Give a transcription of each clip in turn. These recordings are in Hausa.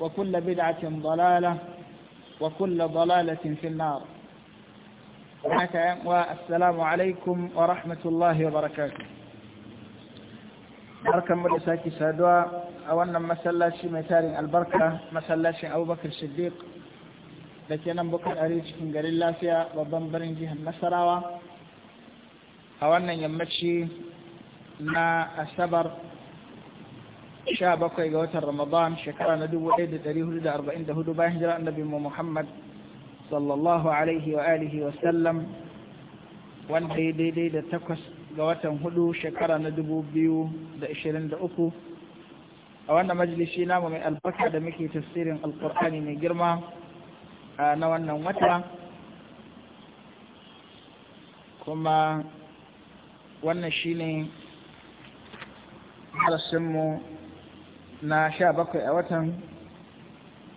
وكل بدعة ضلالة وكل ضلالة في النار والسلام عليكم ورحمة الله وبركاته بركة مرساك سادوا أو أن مسلاش مثال البركة مسلاش أبو بكر الصديق لكي نبقى أريد من قليل الله فيها وضم برنجها النسرة أو يمشي ما السبر sha bakwai ga watan Ramadan shekara na dubu ɗaya da ɗari hudu da arba'in da hudu bayan hijirar annabi Muhammad sallallahu alaihi wa alihi wa sallam wanda ya daidai da takwas ga watan hudu shekara na dubu biyu da ishirin da uku a wannan majalisi namu mai albarka da muke tafsirin alkur'ani mai girma na wannan wata kuma wannan shine darasinmu na sha bakwai a watan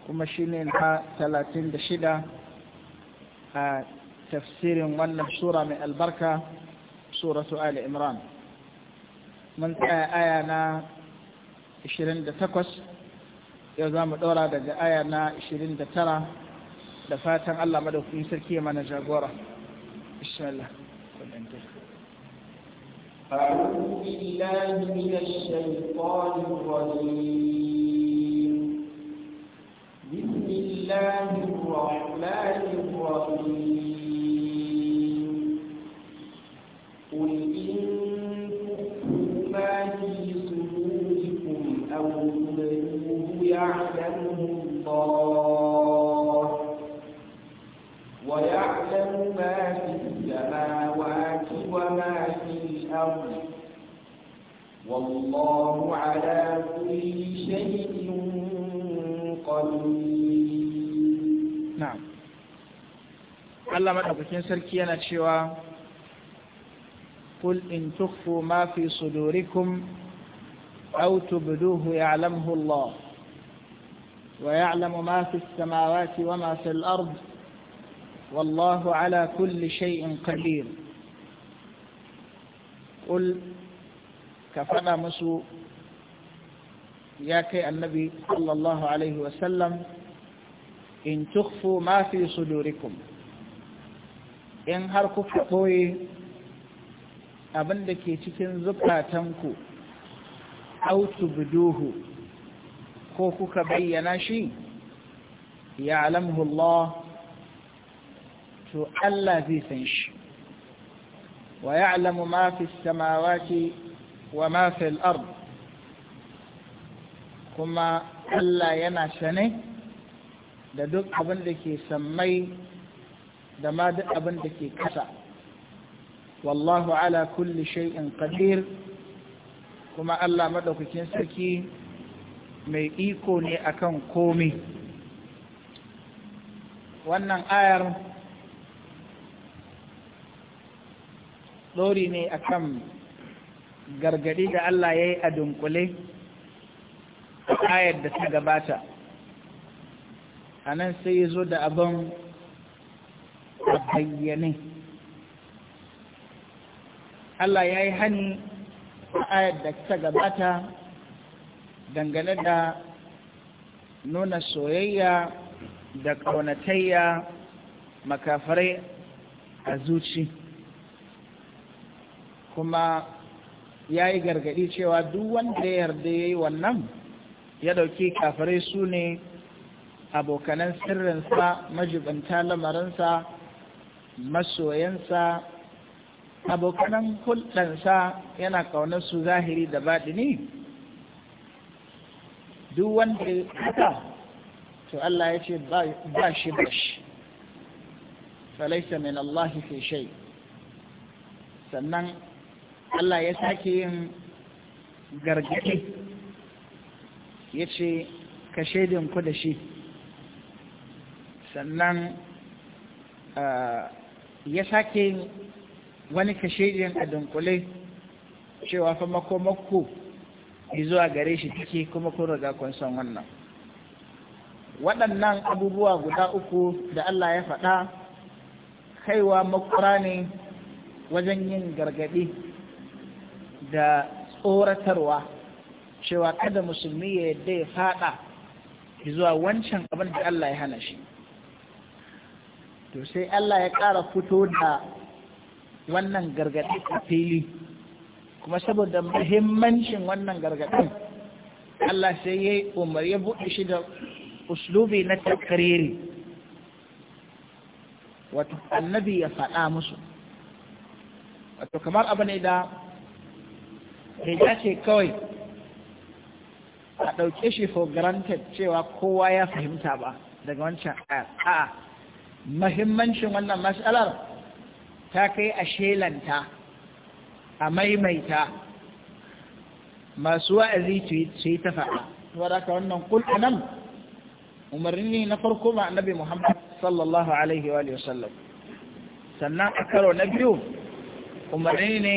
kuma shi ne na talatin da shida a tafsirin wannan sura mai albarka suratu Ali Imran mun tsaya aya na 28 yau za mu ɗora daga aya na 29 da fatan Allah madaukakin sarki mana jagora bismillah أعوذ بالله من الشيطان الرحمن الرحيم قل والله على كل شيء قدير نعم الله maɗaukakin sarki yana قل إن تخفوا ما في صدوركم أو تبدوه يعلمه الله ويعلم ما في السماوات وما في الأرض والله على كل شيء قدير قل ka faɗa musu ya kai annabi sallallahu alaihi wasallam in tukfu ma fi sudurikum in har kuka ɓoye abin da ke cikin zukatanku autu buduhu ko kuka bayyana shi ya Allah? to Allah zai san shi wa ya alamu ma fi wa ma fil kuma Allah yana sane da duk abin da ke sammai da ma duk abin da ke kasa wallahu ala kulli shay'in qadir kuma Allah madaukakin sarki mai iko ne akan komi wannan ayar ɗori ne akan gargadi da Allah ya yi a dunkule ayar da ta gabata a nan sai ya zo da abin a bayyane Allah ya yi hani a ayar da ta gabata dangane da nuna soyayya da ƙaunatayya makafarai a zuci kuma ya yi gargaɗi cewa duk wanda ya yarda ya yi wannan ya ɗauki kafirai su ne abokanan sirrinsa majibanta lamarinsa masoyansa abokanan hulɗansa yana ƙaunar su zahiri da baɗi, ne? duk wanda ya haka to Allah ya ce ba shi ba shi falaisa min Allah fi shai sannan Allah ya sake yin gargaɗe ya ce ka shaidinku da shi sannan ya sake yin wani ka shaidin a dunkule cewa fa makomako zuwa gare shi take kuma kun riga kun san wannan waɗannan abubuwa guda uku da Allah ya faɗa kaiwa makura ne wajen yin gargaɗi da tsoratarwa cewa kada musulmi ya yadda ya fada zuwa wancan abin da Allah ya hana shi to sai Allah ya ƙara fito da wannan gargaɗi a fili kuma saboda muhimmancin wannan gargaɗin Allah sai ya yi umar ya buɗe shi da uslubi na takariri wato annabi ya faɗa musu wato kamar abu ne da bai dace kawai a ɗauke shi for granted cewa kowa ya fahimta ba daga wancan ayar a mahimmancin wannan mas'alar ta kai a shelanta a maimaita masu wa'azi su yi ta faɗa wadda ka wannan kul a nan umarni na farko ma annabi muhammad sallallahu alaihi wa sallam sannan a karo na biyu umarni ne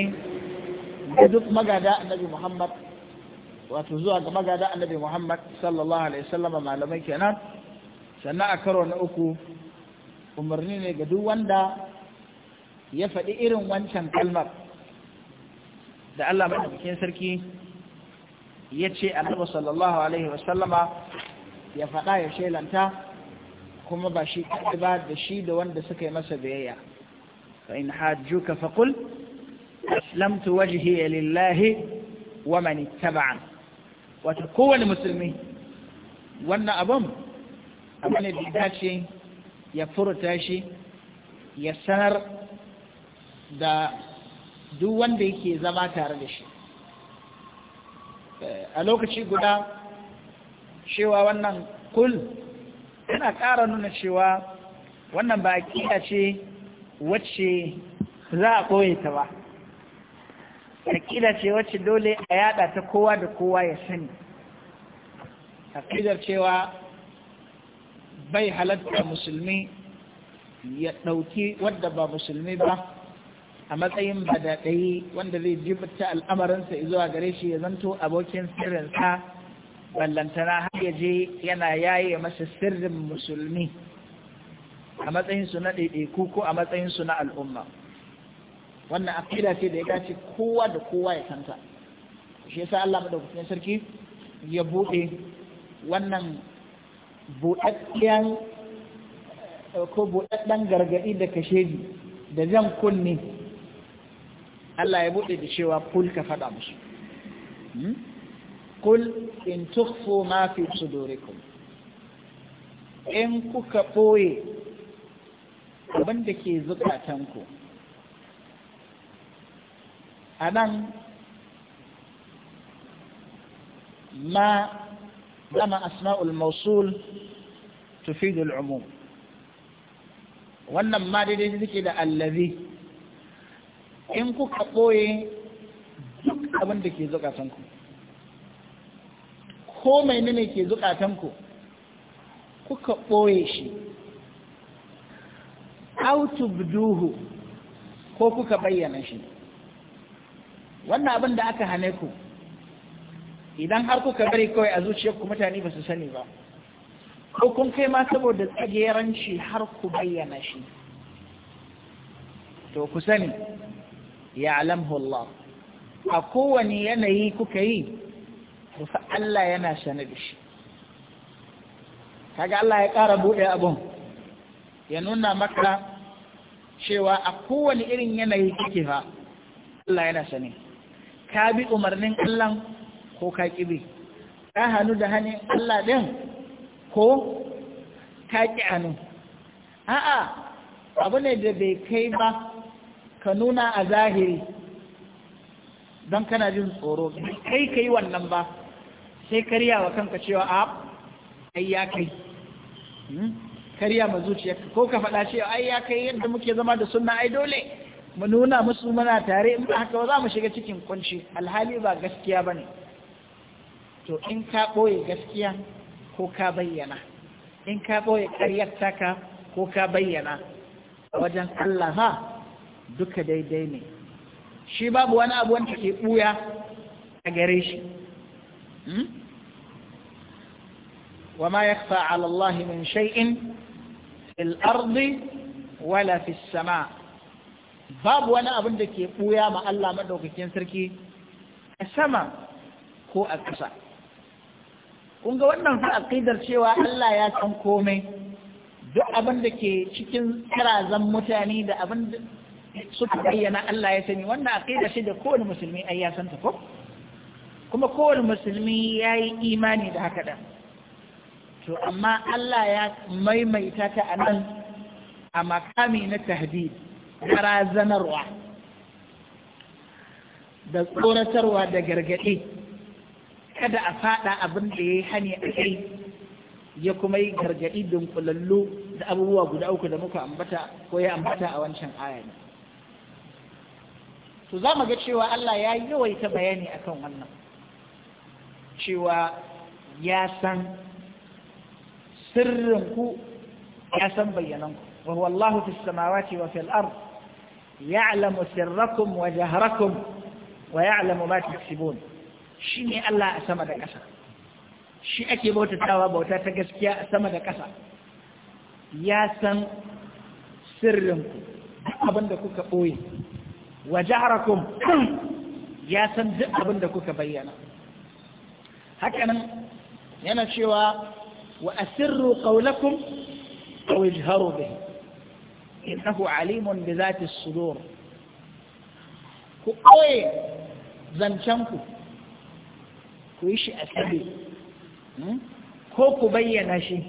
duk magada annabi Muhammad wato zuwa ga magada annabi Muhammad sallallahu alaihi wasallam malamai kenan sannan a karo na uku umarni ne ga duk wanda ya faɗi irin wancan kalmar da Allah madaukakin sarki ya ce annabi sallallahu alaihi wasallama ya faɗa ya shelanta kuma ba shi kaɗai ba da shi da wanda suka yi masa biyayya fa in hajjuka faqul aslamtu wajhi lillahi wa man ittaba'an kowane musulmi wannan abun abu ne da dace ya furta shi ya sanar da duk wanda yake zama tare da shi a lokaci guda cewa wannan kul yana ƙara nuna cewa wannan ba a ce wacce za a koye ta ba aƙida ce wacce dole a yada ta kowa da kowa ya sani aƙidar cewa bai halatta musulmi ya ɗauki wadda ba musulmi ba a matsayin ba badaɗayi wanda zai jibta al'amarinsa zuwa gare shi ya zanto abokin sirrinsa ballantana har ya je yana yaye masa sirrin musulmi a matsayinsu na ɗaiɗaiku ko a matsayinsu na al'umma wannan aqida ce da ya dace kowa da kowa ya santa shi yasa Allah madaukakin sarki ya bude wannan buɗaɗɗiyan ko buɗaɗɗen gargaɗi da ni da zan kunne Allah ya buɗe da cewa kul ka faɗa musu hmm? kul in tukfu ma fi sudurikum in kuka ɓoye abin da ke zukatanku a nan ma dama asma'ul mausul tufidul umum wannan ma daidai suke da allazi in kuka ɓoye duk abin da ke zukatanku ko mai ne ke zukatanku kuka ɓoye shi duhu, ko kuka bayyana shi wannan abin da aka hane ku idan har kuka bari kawai a zuciyarku mutane ba su sani ba ko kun kai ma saboda tsageranci har ku bayyana shi to ku sani ya alamu Allah a kowane yanayi kuka yi rufa Allah yana sanar da shi kaga Allah ya ƙara buɗe abun ya nuna maka cewa a kowane irin yanayi kuke fa Allah yana sani ka bi umarnin Allah ko ka bi? ka hannu da hannun Allah din ko ka ƙi hannu a'a abu ne da bai kai ba ka nuna a zahiri don kana jin tsoro kai kai wannan ba sai karya wa kanka cewa a ai ya kai hmm? karya ma zuciyarka ko ka faɗa cewa ai ya kai yadda muke zama da sunna ai dole mu nuna musu mana tare in ba haka ba za mu shiga cikin kunci alhali ba gaskiya ba ne to in ka ɓoye gaskiya ko ka bayyana in ka ɓoye ƙaryar taka ko ka bayyana wajen Allah ha duka daidai ne shi babu wani abu wanda ke ɓuya a gare shi وما يخفى على الله من شيء في الأرض ولا في السماء babu wani abin da ke ɓuya ma Allah maɗaukakin sarki a sama ko a ƙasa kun ga wannan fa aqidar cewa Allah ya san komai duk abin da ke cikin karazan mutane da abin da suka bayyana Allah ya sani wannan aqida shi da kowane musulmi ai ya santa ko kuma kowane musulmi ya yi imani da haka ɗan to amma Allah ya maimaita ta a nan a makami na tahdid barazanarwa da tsoratarwa da gargaɗe kada a faɗa abin da ya yi hani a kai ya kuma yi gargaɗi dunkulallu da abubuwa guda uku da muka ambata ko ya ambata a wancan ayani to za mu ga cewa Allah ya yawaita bayani akan wannan cewa ya san sirrinku ya san bayyananku wa wallahu fis samawati wa fil ardh ya'lamu sirrakum wa jahrakum wa ya'lamu ma taksibun shine Allah a sama da ƙasa shi ake bauta tawa bauta ta gaskiya a sama da ƙasa ya san sirrinku abin da kuka ɓoye wa jahrakum ya san duk abin kuka bayyana hakanan yana cewa wa asirru qawlakum aw ijharu bihi innahu alimun bi zati sudur ku koye zancen ku ku yi ko ku bayyana shi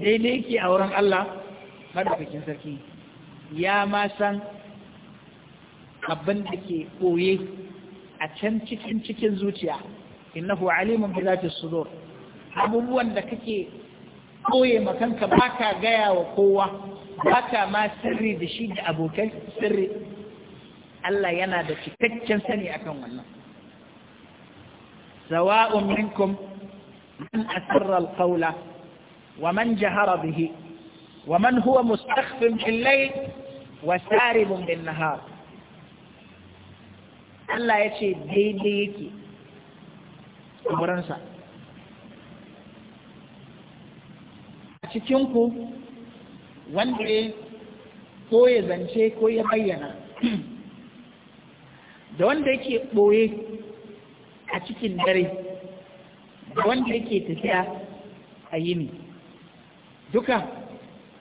daidai ke a wurin Allah madaukakin sarki ya ma san abin da ke ɓoye a can cikin cikin zuciya innahu alimun bi zati sudur abubuwan da kake ɓoye makanka baka gaya wa kowa ba ka ma sirri da shi da abokan sirri Allah yana da cikakken sani akan wannan sawa'un minkum man asarra alqawla wa man jahara bihi wa man huwa mustakhfin bil layl wa saribun bin nahar Allah yace daidai yake wurinsa a cikin ku wanda ya ko ya zance ko ya bayyana da wanda yake ɓoye a cikin dare da wanda yake tafiya a yini duka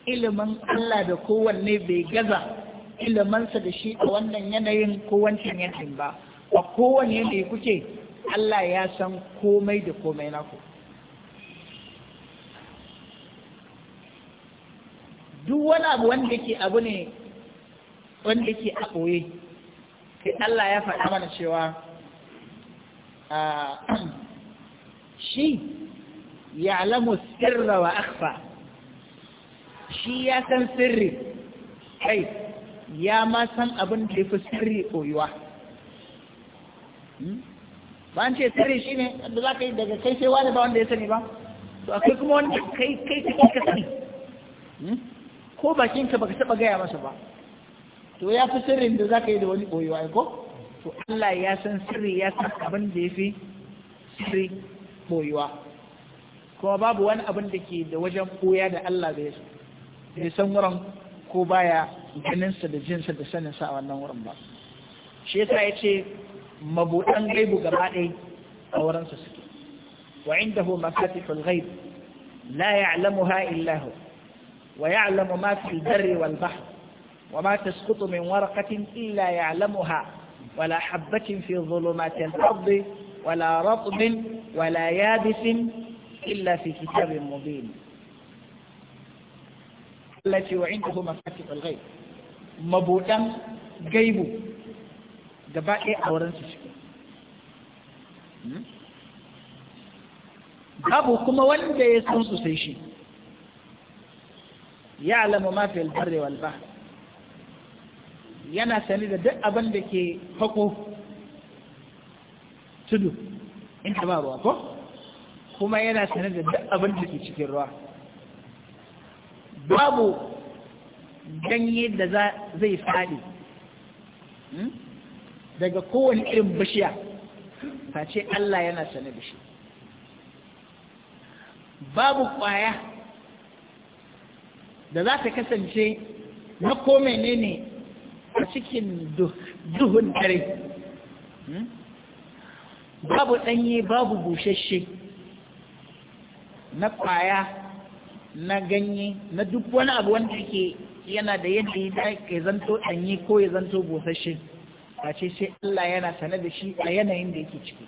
ilimin Allah da kowanne bai gaza ilimansa da shi a wannan yanayin ko wancan ba a kowane ne kuke Allah ya san komai da komai naku. ku duk wani abu wanda yake abu ne wanda yake a ɓoye sai Allah ya faɗa mana cewa shi ya alamu sirra wa akfa shi ya san sirri kai ya ma san abin da ya fi sirri ɓoyuwa hmm? ba an ce sirri shi ne da za ka yi daga kai sai wani ba wanda ya sani ba to akwai kuma wanda kai kai kai ka sani hmm? ko bakinka baka taba gaya masa ba to ya fi sirrin da zaka yi da wani koyo ai ko to Allah ya san sirri ya san abin da yafi sirri boyuwa kuma babu wani abin da ke da wajen koya da Allah da ya san wurin ko baya ganinsa da jinsa da saninsa a wannan wurin ba shi yasa ya ce mabuɗan gaibu gaba ɗaya a wurinsa suke wa indahu mafatihul ghaib la ya'lamuha illa hu ويعلم ما في البر والبحر وما تسقط من ورقة إلا يعلمها ولا حبة في ظلمات الأرض ولا رطب ولا يابس إلا في كتاب مبين التي وعنده مفاتيح الغيب مبوطن غيب gaba ɗaya a wurinsu كما babu kuma سيشي ya'lamu ma fil barri wal bahr yana sani da duk abin da ke fako tudu in ba ruwa ko kuma yana sani da duk abin da ke cikin ruwa babu ganye da zai faɗi hmm? daga kowane irin bishiya ce Allah yana sani da shi babu kwaya da za ta kasance na ne menene a cikin duhun dare hmm? babu ɗanye babu bushashe na kwaya, na ganye na duk wani abu wanda ke yana da yadda ya zanto ɗanye ko ya zanto bushashe a ce sai Allah yana sane da shi a yanayin da yake ciki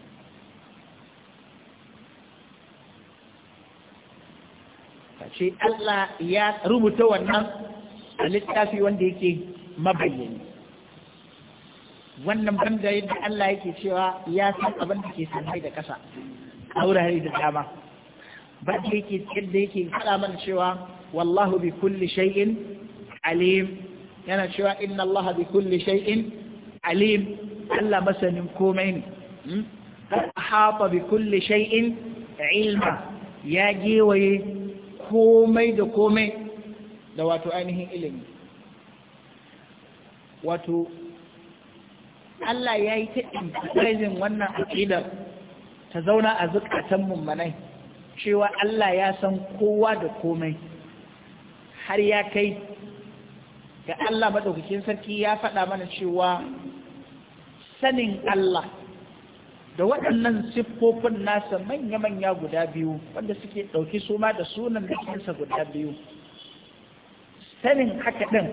ce Allah ya rubuta wannan a littafi wanda yake mabayyani wannan banda yadda Allah yake cewa ya san abin da ke sammai da ƙasa a wurare da dama ba da yake yadda yake faɗa mana cewa wallahu bi kulli shay'in alim yana cewa inna Allah bi kulli shay'in alim Allah masanin komai ne hmm? har bi kulli shay'in ilma ya gewaye komai da komai da wato ainihin ilimi wato Allah ya yi ta ɗin wannan aƙidar ta zauna a zukatan mummanai cewa Allah ya san kowa da komai har ya kai ga Allah maɗaukakin sarki ya faɗa mana cewa sanin Allah da waɗannan siffofin nasa manya-manya guda biyu wanda suke ɗauki su ma da sunan jikinsa guda biyu sanin haka ɗin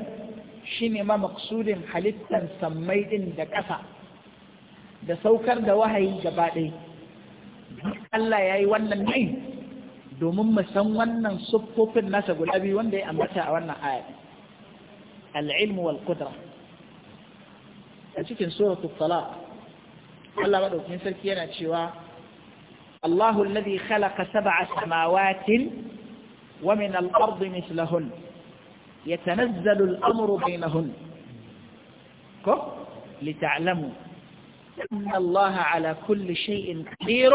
shi ne ma maksudin halittar sammai ɗin da ƙasa da saukar da wahayi gaba ɗaya Allah ya yi wannan ne domin mu san wannan siffofin nasa guda biyu wanda ya ambata a wannan aya al-ilmu wal qudra a cikin suratul talaq Allah maɗaukin sarki yana cewa Allahu alladhi khalaqa sab'a samawatin wa min al-ardi mithlahun yatanazzalu al-amru bainahun ko lita'lamu anna Allah ala kulli shay'in qadir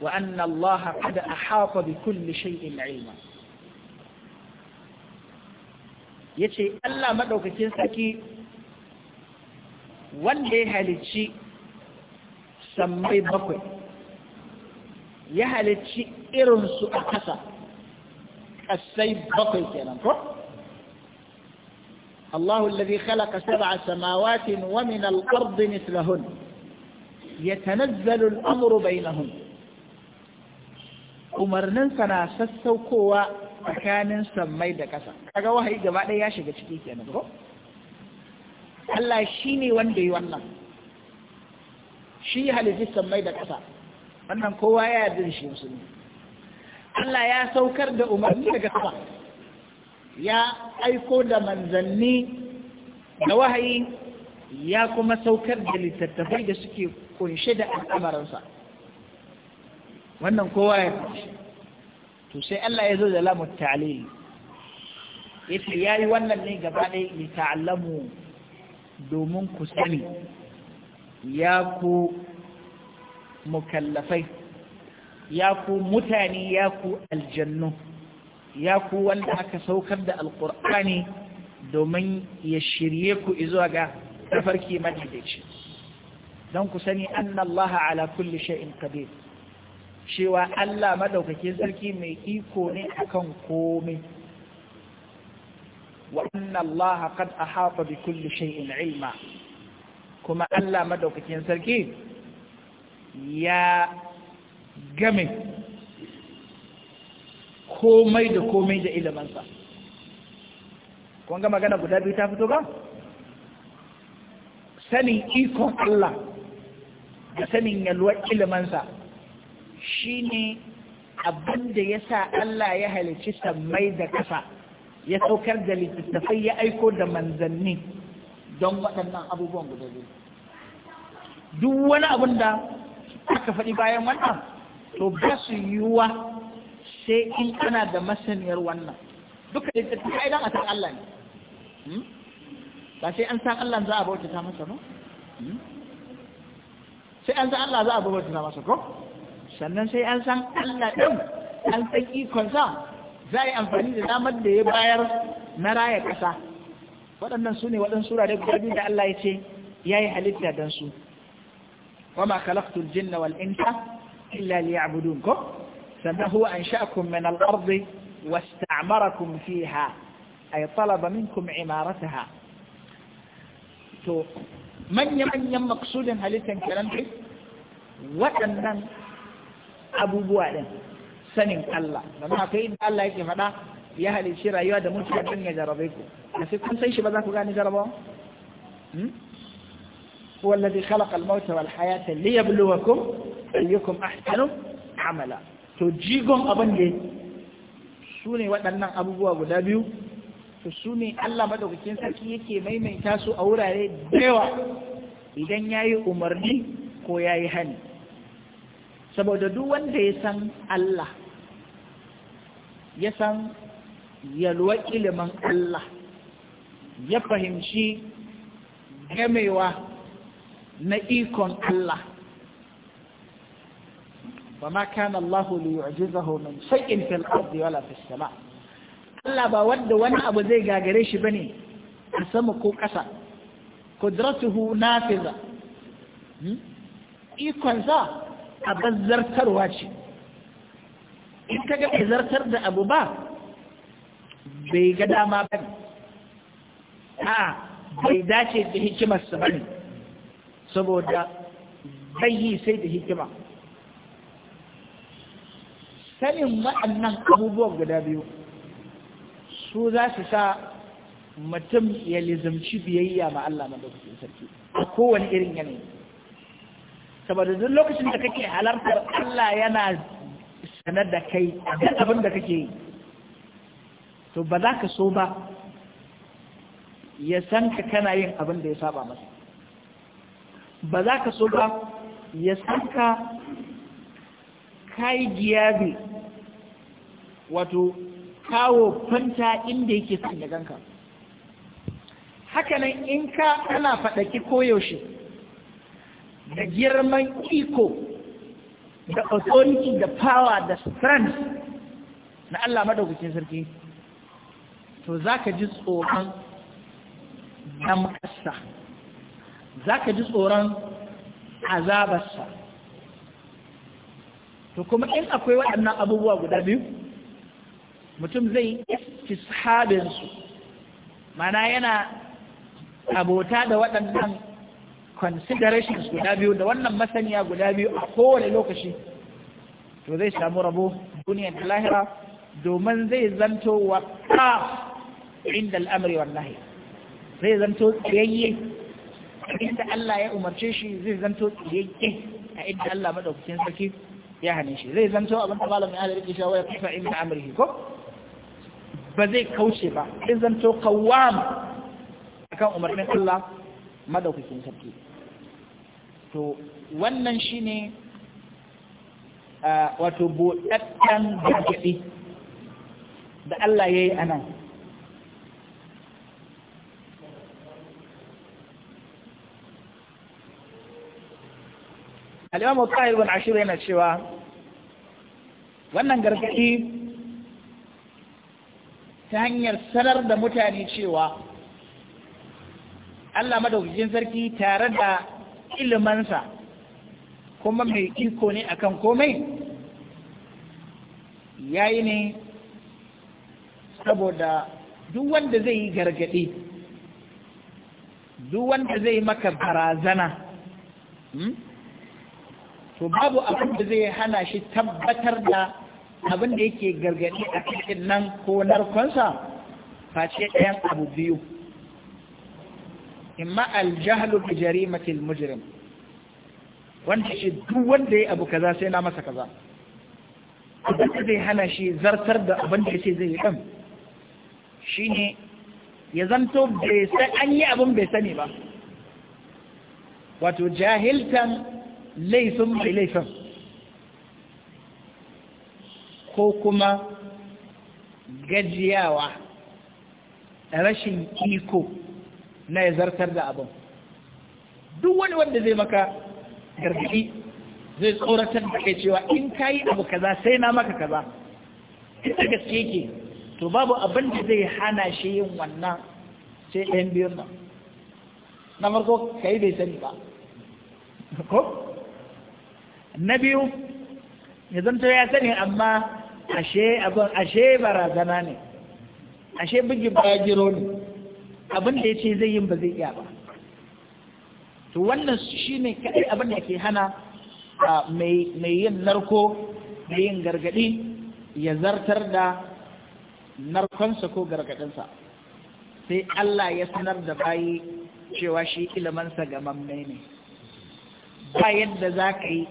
wa anna Allah qad ahata bi kulli shay'in 'ilma yace Allah madaukakin sarki wanda ya halicci sammai bakwai ya halicci irinsu a ƙasa ƙasai bakwai kenan ko الله الذي خلق سبع سماوات ومن الأرض مثلهن يتنزل الأمر بينهن umarnin sana sassaukowa tsakanin sammai da ƙasa kaga wahayi gaba ɗaya ya shiga ciki kenan ko Allah shine wanda ya wannan shi halittar mai da ƙasa wannan kowa ya yarda shi musulmi Allah ya saukar da umarni daga sama ya aiko da manzanni da wahayi ya kuma saukar da littattafai da suke kunshe da al'amaransa wannan kowa ya kunshe to sai Allah ya zo da lamu ta'alili ya yayi wannan ne gaba ɗaya ya ta'allamu domin ku sani ya ku mukallafai ya ku mutane ya ku aljannu ya ku wanda aka saukar da alƙur'ani domin ya shirye ku izuwa ga tafarki madaidaici don ku sani annallaha ala kulli shay'in qadir cewa Allah madaukakin sarki mai iko ne akan komai wa annallaha qad ahata bi kulli shay'in ilma kuma Allah madaukakin sarki ya game komai da komai da ilimansa kun magana guda biyu ta fito ba sanin ikon Allah da sanin yalwar ilimansa shi ne abinda ya sa Allah ya halicci sammai da ƙasa ya saukar da littattafai ya aiko da manzanni don waɗannan abubuwan guda biyu duk wani abin da aka faɗi bayan wannan to ba su yiwuwa sai in ana da masaniyar wannan duka da tafi aidan a san Allah ne hmm? ba sai an san Allah za a bauta masa ba hmm? sai an san Allah za a bauta masa ko sannan sai an san Allah ɗin an san ikonsa za a yi amfani da damar da ya bayar na raya ƙasa waɗannan su ne waɗansu wurare guda biyu da Allah ya ce ya yi halitta don su wa ma khalaqtul jinna wal insa illa liya'budun ko sannan huwa ansha'akum min al-ardi wasta'marakum fiha ay talaba minkum imarataha to manya manyan maqsudin halittan kiran waɗannan abubuwa din sanin Allah domin akwai inda Allah yake faɗa ya halicci rayuwa da mutuwa don ya jarabe ku da sai kun san shi ba za ku gane jarabawa هو الذي hayata liyabluwakum ayyukum ahsanu amala to jigon تجيكم أبنجي sune waɗannan abubuwa guda biyu to sune Allah madaukakin sarki yake maimaita su a wurare da idan yayi umarni ko yayi yi hani saboda duk wanda ya san Allah ya san yalwa ilimin Allah ya fahimci gamewa na ikon Allah ba ma kana Allah liyu'jizahu min shay'in fil ardi wala fis sama Allah ba wadda wani abu zai gagare shi ba bane a sama ko ƙasa qudratuhu nafiza hmm? ikon sa a bazzartarwa ce in kaga bai zartar da abu ba bai ga dama ba ne a bai dace da hikimarsa ba ne saboda bai yi sai da hikima sanin waɗannan abubuwan guda biyu su za su sa mutum ya lizamci biyayya ma Allah lokacin sarki a kowane irin yanayi saboda duk lokacin da kake halarta Allah yana sanar da kai abin da kake yi to ba za ka so ba ya san ka kana yin abin da ya saba masa ba za ka so ba ya san ka kayi giyabi wato kawo fanta inda yake san da ganka hakanan in ka ana faɗaki koyaushe da girman iko da authority da power da strength na Allah madaukakin sarki to za ka ji tsoron damkarsa za ka ji tsoron azabarsa to kuma in akwai waɗannan abubuwa guda biyu mutum zai sahabinsu mana yana abota da waɗannan considerations guda biyu da wannan masaniya guda biyu a kowane lokaci to zai samu rabo duniyar lahira domin zai zanto wa ƙafa inda al'amari wallahi zai zanto tsayayye inda Allah ya umarce shi zai zanto tsayayye a inda Allah madaukakin sarki ya hane shi zai zanto abin da malamin ya rike shawo ya inda amrihi ko ba zai kauce ba zai zanto kawam akan umarnin Allah madaukakin sarki to wannan shi ne wato buɗaɗɗen gargaɗi da Allah ya yi a nan al'imamu ta'ir bin ashir yana cewa wannan gargaɗi ta hanyar sanar da mutane cewa Allah madaukakin sarki tare da ilimansa kuma mai iko ne akan komai yayi ne saboda duk wanda zai yi gargaɗi duk wanda zai maka barazana hmm? to babu abin da zai hana shi tabbatar da abin da yake gargaɗi a cikin nan ko narkonsa face ɗayan abu biyu imma aljahlu bi jarimatil mujrim wanda shi duk wanda ya abu kaza sai na masa kaza abin da zai hana shi zartar da abin da yake zai yi ɗan shine ya zanto bai san an yi abin bai sani ba wato jahiltan laifin mai laifin ko kuma gajiyawa rashin iko na ya zartar da abin duk wani wanda zai maka gargaɗi zai tsoratar da kai cewa in ka yi abu kaza sai na maka kaza ita gaske yake to babu abin da zai hana shi yin wannan sai ɗayan biyun nan na farko ka yi bai sani ba ko na biyu ya zanto ya sani amma ashe abin ashe barazana ne ashe bugi jiro ne abin da ya ce zai yi ba zai iya ba to wannan shi ne kaɗai abin da ke hana mai yin narko da yin gargaɗi ya zartar da narkonsa ko gargadinsa. sai Allah ya sanar da bayi cewa shi ilimansa ga mamme ne ba yadda za ka yi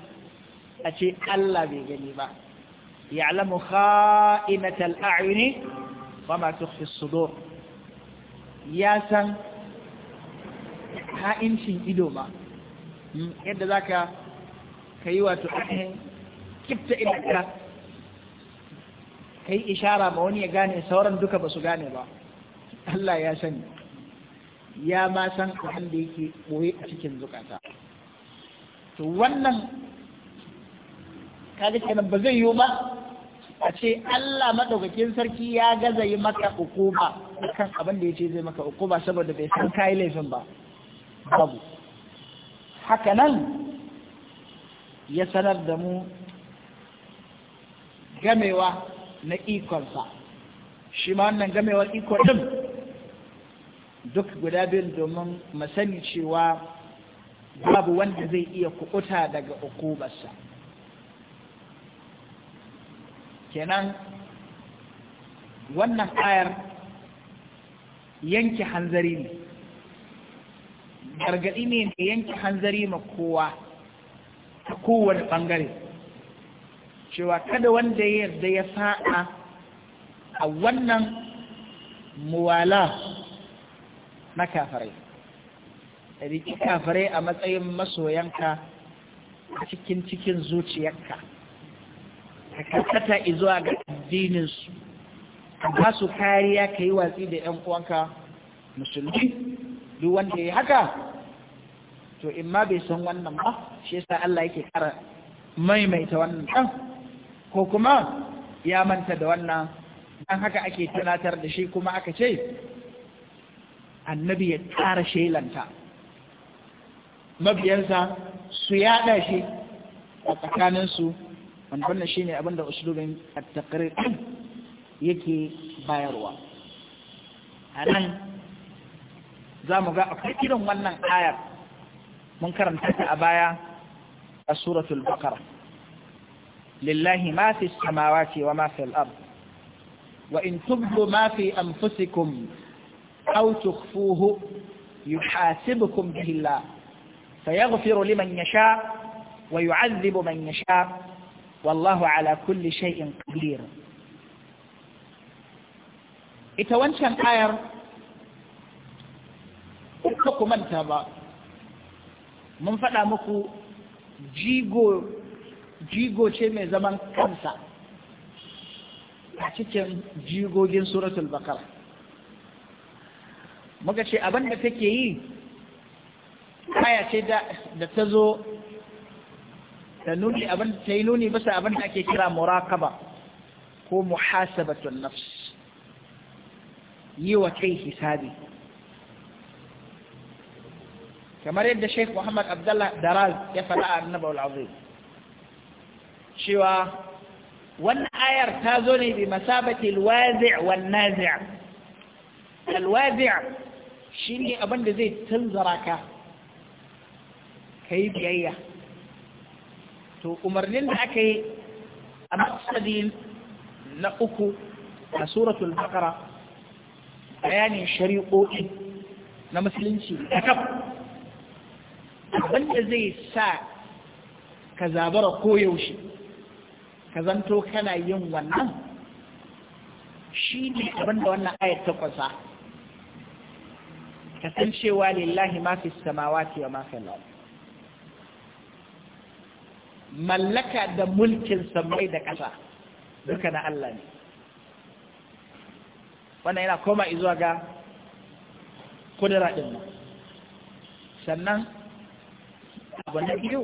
a ce Allah bai gani ba ya'lamu kha'inatal a'yuni wa ma tukhfi sudur ya san ha'incin ido ba hmm, yadda zaka kai wato ainihin kifta ka kai ishara ma wani ya gane sauran duka ba su gane ba Allah ya sani ya ma san abin da yake ɓoye a cikin zukata to wannan kaga kenan ba zai yiwu ba a ce Allah madaukakin sarki ya gaza yi maka ukuba kan abin da yace zai maka ukuba saboda bai san kai laifin ba babu haka nan ya sanar da mu gamewa na ikonsa shi ma wannan gamewar iko din duk guda biyu domin sani cewa babu wanda zai iya kukuta daga ukubarsa. kenan wannan ayar yanke hanzari ne gargaɗi ne da yanke hanzari ma kowa ta kowane ɓangare cewa kada wanda ya yarda ya sa'a a wannan muwala na kafarai da riki kafarai a matsayin masoyanka a cikin cikin zuciyarka ka izuwa ga addininsu ba su kariya ka yi watsi da ‘yan uwanka musulmi duk wanda ya haka to in ma bai san wannan ba shi yasa Allah yake kara maimaita wannan ɗan ko kuma ya manta da wannan dan haka ake tunatar da shi kuma aka ce annabi ya tsara shelanta mabiyansa su yaɗa shi a tsakaninsu wannan shine ne abinda usulubin taqrir yake bayarwa anan zamu ga akwai irin wannan ayar mun karanta ta a baya a suratul baqara lillahi ma fi samawati wa ma fi al-ard wa in tubdu ma fi anfusikum aw tukhfuhu yuhasibukum bihi Allah fayaghfiru liman yasha wa yu'adhibu man yasha wallahu ala kulli shay'in qadir ita wancan ayar ba ku manta ba mun faɗa muku jigo jigo ce mai zaman kansa a cikin jigogin suratul bakar muka ce abin da take yi aya ce da ta zo ta nuni abin ta yi nuni bisa abin da ake kira muraqaba ko muhasabatun nafs yi wa kai hisabi kamar yadda Sheikh Muhammad Abdullah Daraz ya faɗa a Annabawul Azim cewa wannan ayar ta zo ne bi masabati alwazi' wan nazi' alwazi' shine abin da zai tunzara ka kai biyayya to umarnin da aka yi a matsadin na uku a suratul bakara bayanin shari'o'i na musulunci a kaf abinda zai sa ka zabara koyaushe ka zanto kana yin wannan shi ne abinda wannan ayat ta kwasa ka san cewa lillahi mafi samawati wa mafi lalata mallaka da mulkin samai da ƙasa duka na Allah ne wannan yana koma izuwa ga kudura ɗin nan sannan abu na biyu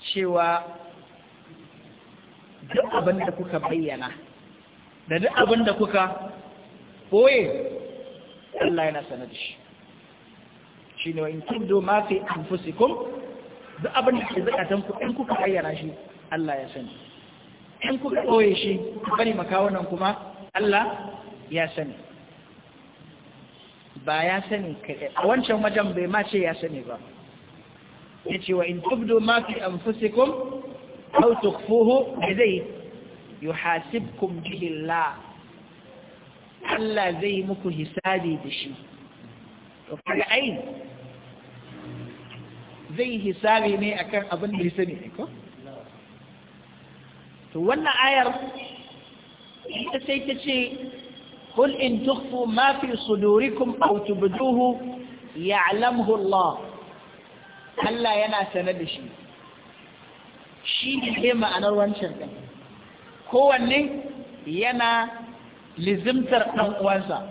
cewa duk abin da kuka bayyana da duk abin da kuka ɓoye Allah yana sanar shi shi ne wa in kudu mafi fi anfusikum duk abin da ke zakatan ku in kuka ayyana shi Allah ya sani in kuka ɓoye shi bari makawunan kuma Allah ya sani ba ya sani a wancan wajen bai ma ce ya sani ba ya ce wa in tubdo ma fi anfusikum aw tukhfuhu bi zai yuhasibkum bihi Allah Allah zai muku hisabi da shi to kaga ai zai hisabi ne akan abin da ya sani ko to wannan ayar ita sai ta ce قل in تخفوا ما في صدوركم أو تبدوه يعلمه الله Allah yana sane da shi shi ne ma'anar wancan ɗin kowanne yana lizimtar ɗan uwansa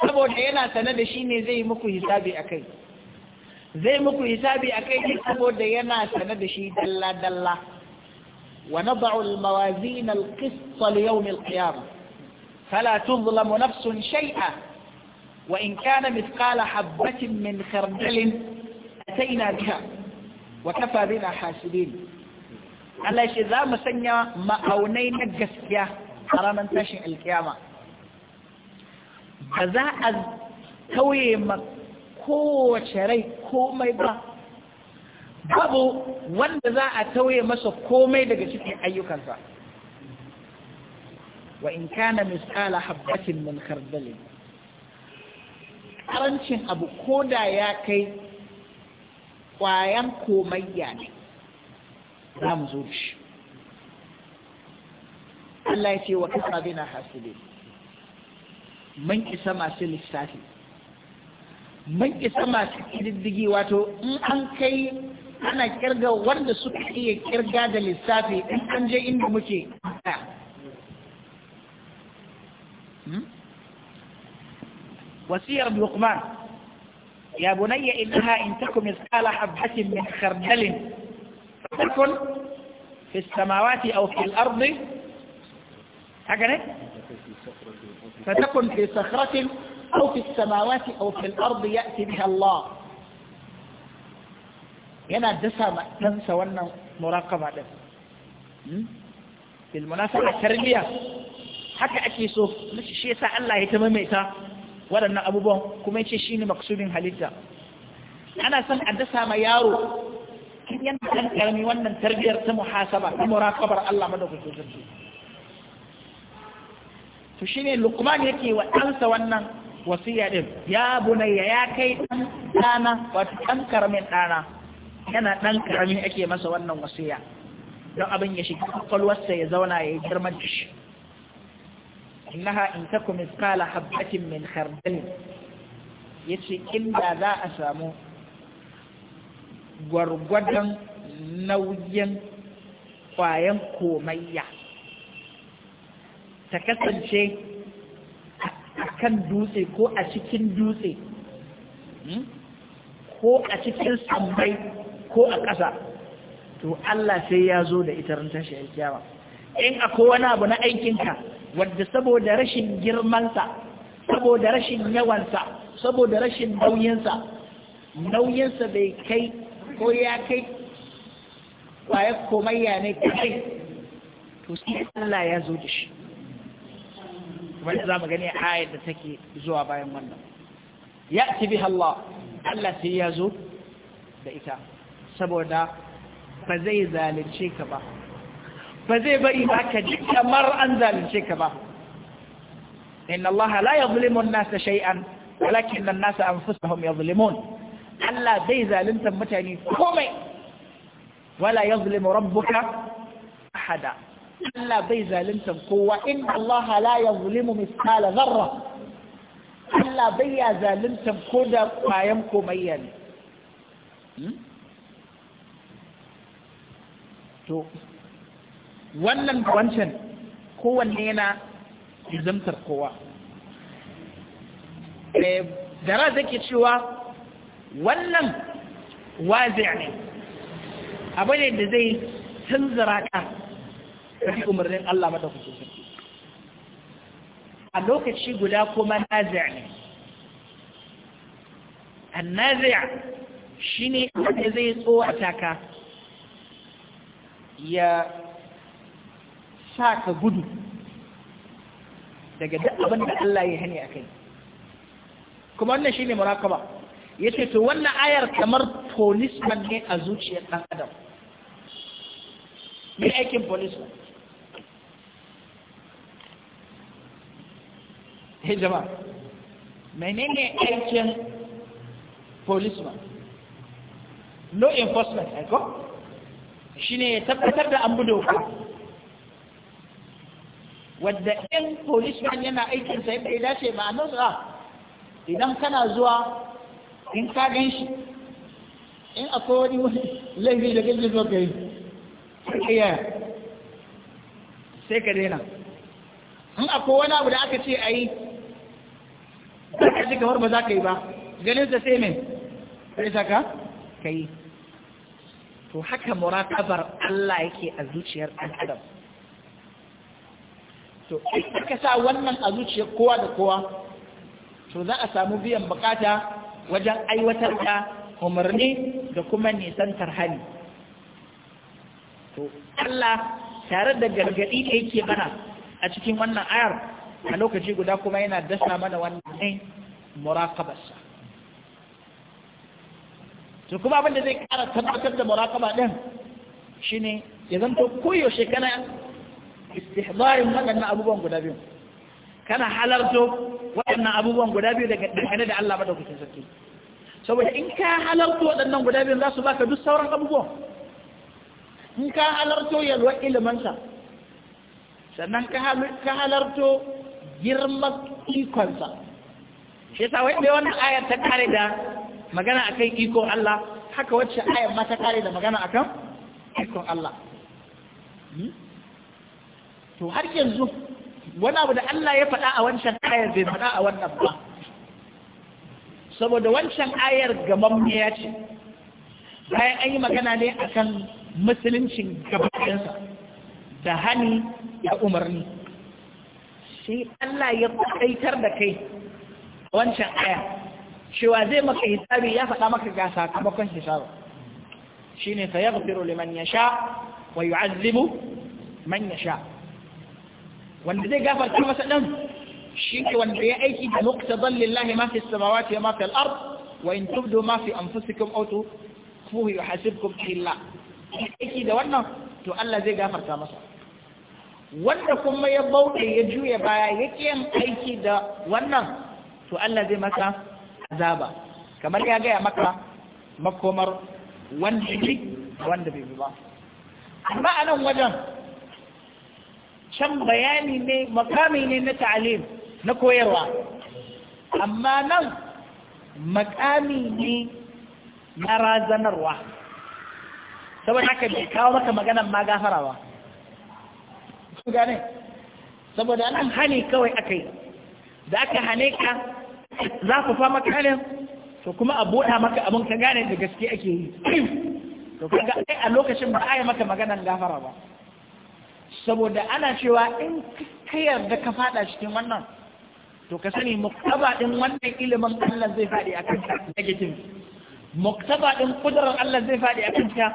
saboda yana sane da shi ne zai yi muku hisabi a kai zai muku hisabi a kai ne saboda yana sane da shi dalla-dalla wa nada'u al-mawazin al-qist al-yawm al-qiyamah fala tuzlamu nafsun shay'a wa in kana mithqala habatin min khardalin ataina biha wa kafa bina hasibin Allah shi za mu sanya ma'aunai na gaskiya a ranar tashin alkiyama ba za a kauye kowace rai komai ba babu wanda za a tauye masa komai daga cikin ayyukansa wa in kana misala habbatin min khardalin karancin abu koda ya kai kwayan komayya ne za mu zo shi Allah ya ce wa kasa bina mun isa masu lissafi mun isa masu kididdigi wato in an kai ana kirga wanda suka iya kirga da lissafi in an je inda muke wasiyar lukman ya bunayya innaha in takum misqala habatin min khardalin fatakun fi samawati aw fil ardi haka ne fatakun fi sakhratin أو في السماوات أو في الأرض يأتي بها الله yana dasa ma ɗansa wannan muraƙaba ɗin a tarbiyya haka ake so mace shi yasa Allah ya ta maimaita waɗannan abubuwan kuma ya ce shi ne maksudin halitta ana son a dasa ma yaro yan ɗan ƙarami wannan tarbiyyar ta muhasaba ta muraƙabar Allah madaukakin sarki to shine Luqman yake wa ɗansa wannan wasiya din ya bunayya ya kai dan dana wato ɗan karamin dana yana ɗan karamin ake masa wannan wasiya don abin ya shiga kwakwalwarsa ya zauna ya yi girman da shi innaha in takum mithqala habbatin min khardal yace inda za a samu gwargwadon nauyin kwayan komayya ta kasance kan dutse ko a cikin dutse hmm? ko a cikin sambai ko a ƙasa to Allah sai ya zo da ita ran tashi alkiyama in akwai wani abu na aikinka wadda saboda rashin girmansa saboda rashin yawansa saboda rashin nauyinsa nauyinsa bai kai ko ya kai kwaye ya ne kai to sai Allah ya zo da shi kamar za mu gani ayat da take zuwa bayan wannan ya'ti biha Allah Allah sai ya zo da ita saboda ba zai zalunce ka ba ba zai bari ba ka ji kamar an zalunce ka ba inna Allah la yuzlimu an-nasa shay'an walakin an-nasa anfusuhum yuzlimun Allah bai zalunta mutane komai wala yuzlimu rabbuka ahada Allah bai zalunta kowa in Allah la zulimu misala zarra Allah bai ya zalunta ko da kwayan komayya ne hmm? to wannan wancan kowanne yana zamtar kowa eh, dara zake cewa wannan wazi ne abu ne da zai canzara ka ka umarnin Allah mata kusurci a lokaci guda kuma nazi'a ne annazi'a shi ne wanda zai tsorata ka ya sa ka gudu daga duk abin da Allah ya hani a kai kuma wannan shi ne murakaba ya ce to wannan ayar kamar polisman ne a zuciyar ɗan adam mai aikin polisman hey jama'a menene aikin policeman No enforcement aiko Shi ya tabbatar da an bi doka wadda in policeman yana aikin sa yadda ya dace ma'anarsa ah, idan kana zuwa in ka gan shi in akwai wani laifi da gajin zuwa ka yi sai sai ka daina in akwai wani abu da aka ce a yi ji kamar ba za ka yi ba ganin sa sai mai sai saka ka yi to haka muraqabar Allah yake a zuciyar ɗan adam to idan ka sa wannan a zuciyar kowa da kowa to za a samu biyan bukata wajen aiwatar da umarni da kuma nisantar hali to Allah tare da gargadi da yake bana a cikin wannan ayar a lokaci guda kuma yana dasa mana wannan ne muraqabarsa to kuma abinda zai ƙara tabbatar da muraqaba shi ne ya zanto koyaushe kana istihbarin waɗannan abubuwan guda biyu kana halarto waɗannan abubuwan guda biyu daga dangane da Allah madaukakin sarki saboda in ka halarto waɗannan guda biyu za su baka duk sauran abubuwan in ka halarto yalwar ilimansa sannan ka halarto girman ikonsa shi yasa wai wannan ayar ta kare da magana akan iko Allah haka wacce ayar ma ta kare da magana akan ikon Allah hmm? to har yanzu wani abu da Allah ya faɗa a wancan ayar bai faɗa a wannan ba saboda wancan ayar ya ce bayan an yi magana ne akan musuluncin gabaɗinsa da hani ya umarni sai Allah ya kaitar da kai wancan aya cewa zai maka hisabi ya faɗa maka ga sakamakon hisabi shine fa yaghfiru liman yasha wa yu'azzibu man ya sha. wanda zai gafar gafarta masa dan shine wanda ya aiki da muqtadan lillahi ma mafi samawati wa ma fi al-ard wa in tubdu ma fi anfusikum aw tukhfuhu yuhasibkum billah aiki da wannan to Allah zai gafarta masa wanda kuma ya bauta ya juya baya ya yin aiki da wannan to Allah zai maka azaba kamar ya gaya maka makomar wanda bi wanda bai bi ba amma a nan wajen can bayani ne makami ne na ta'alim na koyarwa amma nan makami ne na razanarwa saboda haka bai kawo maka maganan ma gafarawa gane saboda nan hane kawai aka yi da aka hane ka za ku fa maka ne to kuma a buɗa maka abin ka gane da gaske ake yi to kaga ai a lokacin ba a yi maka maganar gafara ba saboda ana cewa in ka yarda ka fada cikin wannan to ka sani muktaba din wannan ilimin Allah zai fadi akan ka negative muktaba din kudurar Allah zai fadi akan ka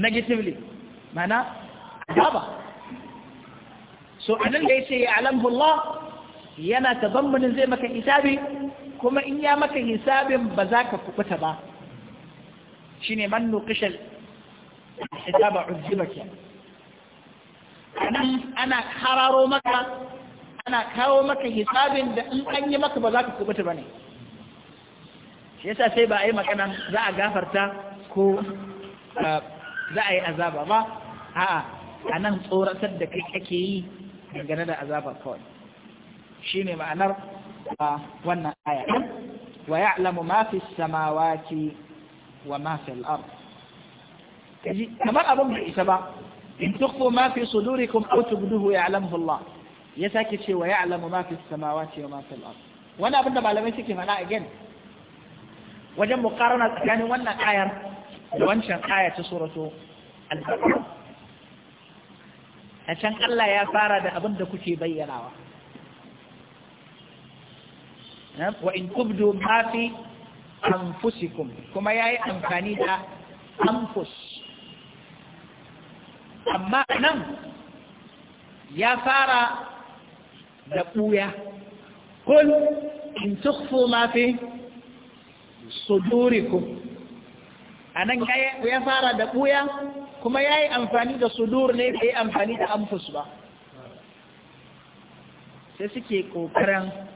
negatively mana azaba so anan da yace ya alamhu Allah yana tazammunin zai maka hisabi kuma in ya maka hisabin ba za ka kubuta ba ne man nuqishal hisaba uzibaka anan ana kararo maka ana kawo maka hisabin da in an yi maka ba za ka kubuta ne shi yasa sai ba a yi magana za a gafarta ko za a yi azaba ba a'a anan tsoratar da kai ake yi dangane da azaba kawai shine ma'anar wannan aya wa ya'lamu ma fi samawati wa ma fi al-ard kamar abin bai isa ba in tukhfu ma fi sudurikum aw tubduhu ya'lamuhu Allah ya sake ce wa ya'lamu ma fi samawati wa ma fi al wani abin da malamai suke faɗa again wajen muqarana tsakanin wannan ayar da wancan aya ta suratu al-baqara a can Allah ya fara da abin da kuke bayyanawa wa in tubdu ma fi anfusikum kuma yayi amfani da anfus amma nan ya fara da ɓuya kul in tukhfu ma fi sudurikum anan ya fara da ɓuya kuma ya yi amfani da sudur ne bai amfani da amfus ba sai suke ƙoƙarin